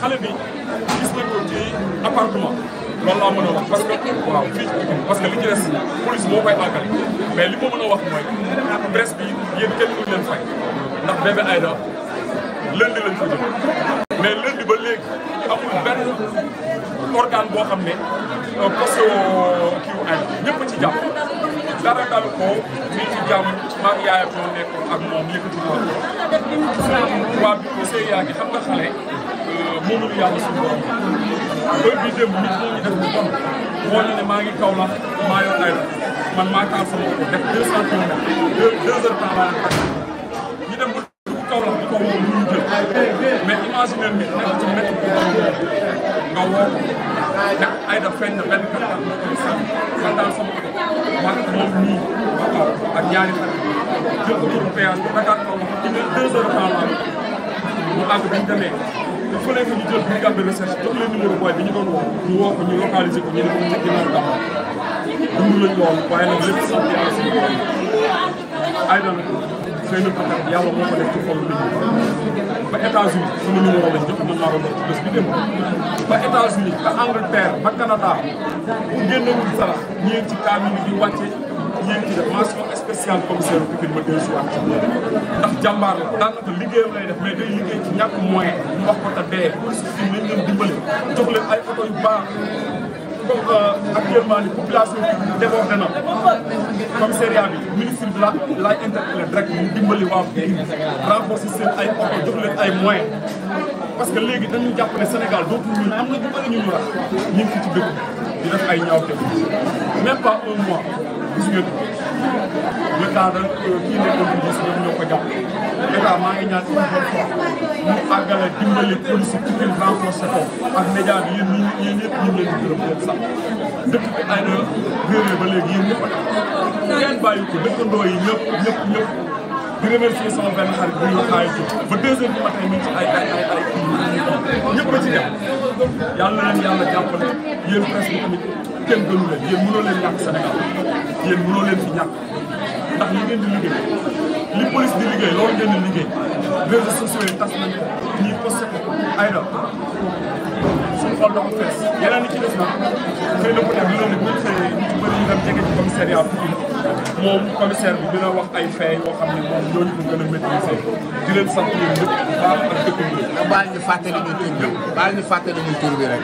xale bi gis nañ ko ci appartement loolu mën a wax parce que parce que li ci des moo koy àggal mais li ma mën a wax mooy presse bi yéen kenn duñ fay ndax bébé Aïda lundi lañ ko jëlee mais lundi ba léegi amul benn organe boo xam ne euh, poste kii wu ñëpp ci jàpp dara dalu ko mi ci jàmm maag yaayam ñoo nekkoon ak moom yëkkati ko waa bi ko see yaa ngi xam nga xale moomalu yàlla suñu borom heure bii démb nit ñoo ñu def lu bon woo ñu ne maa ngi kaw la maa yor ay man maa taal sama bopp def deux cent kilomètres deux deux heures temps laa ñu dem ba dugg kaw la di ko woo lu ñu jël mais imaginer ni nekk ci métti bi nga woo nekk ay da feeñ na benn kattan nga koy sànni man daal sama oto maa moom nii ba kaw ak ñaari xar jël ko pour péage bi Dakar kaw la ci deux heures temps laa mu àgg bi ñu demee il fallait que ñu jël brigade de recherche jox leen numéro booy bi ñu doon woo ñu woo ko ñu localiser ko ñu ne ko ci ginnaaw dama dund lañ loolu waaye nag lépp sant yàlla suñu borom ay dana xëy na peut être yàlla moo ko def ci xol nit ñi ba États-Unis sama numéro lañ jox mën naa ko ci bés bi dem ba États-Unis ba Angleterre ba Canada bu génnewul sarax ñeen ci kaamil di wàcce ñeen ci def mention spéciale commissaire Pikine ma dellusiwaat ci ndax jàmbaar la daanaka liggéeyam lay def mais day liggéey ci ñàkk moyen wax ko te dee police bi nañ leen dimbale jox ay oto yu baax comme euh, actuellement ni population bi débordé na commissariat bi ministre bi la laay interpellé rek mu dimbali waa Pikine renforcer seen ay oto jox ay moyens parce que léegi dañu jàpp ne Sénégal dootul ñun am na ñu bëri ñu ñu rax ñu ngi fi ci dëkk di def ay ñaawteef même pas un mois gis ngeen le temps dañ euh, kii nekkoon ñoom ñoo ko jàpp Moussa maa ngi ñaan une bonne fois mu àggale dimbali police Pikine renforcé ko ak média bi yéen ñi yéen ñëpp ñu ngi leen di gërëm leen sax dëkk bi ay na ba léegi a def kenn bàyyi yi ñëpp ñëpp ñëpp di remercier sama benn xarit bu ñu xaay ko ba deux heures du matin ñu ci ay ay ay ay kii ñëpp a ci dem yàlla leen yàlla jàppale yéen presse bi tamit kenn gënu leen yéen mënoo leen ñàkk Sénégal yéen mënoo fi ñàkk ndax li ngeen di liggéey li police di liggéey loolu ngeen di liggéey réseaux sociaux yi tas nañu ñuy posté ko ay da suñu xol dafa fees yeneen ni ci des nag xëy na peut-être dina ne buñ xëyee ñu bëri ñu dem jege ci commissariat Pikine moom commissaire bi dina wax ay fee yoo xam ne moom ñooñu ko gën a maîtriser di leen sant yéen ñëpp baax ak dëkk bi baal ñu fàttali ñu tur bi baal ñu fàttali ñu tur bi rek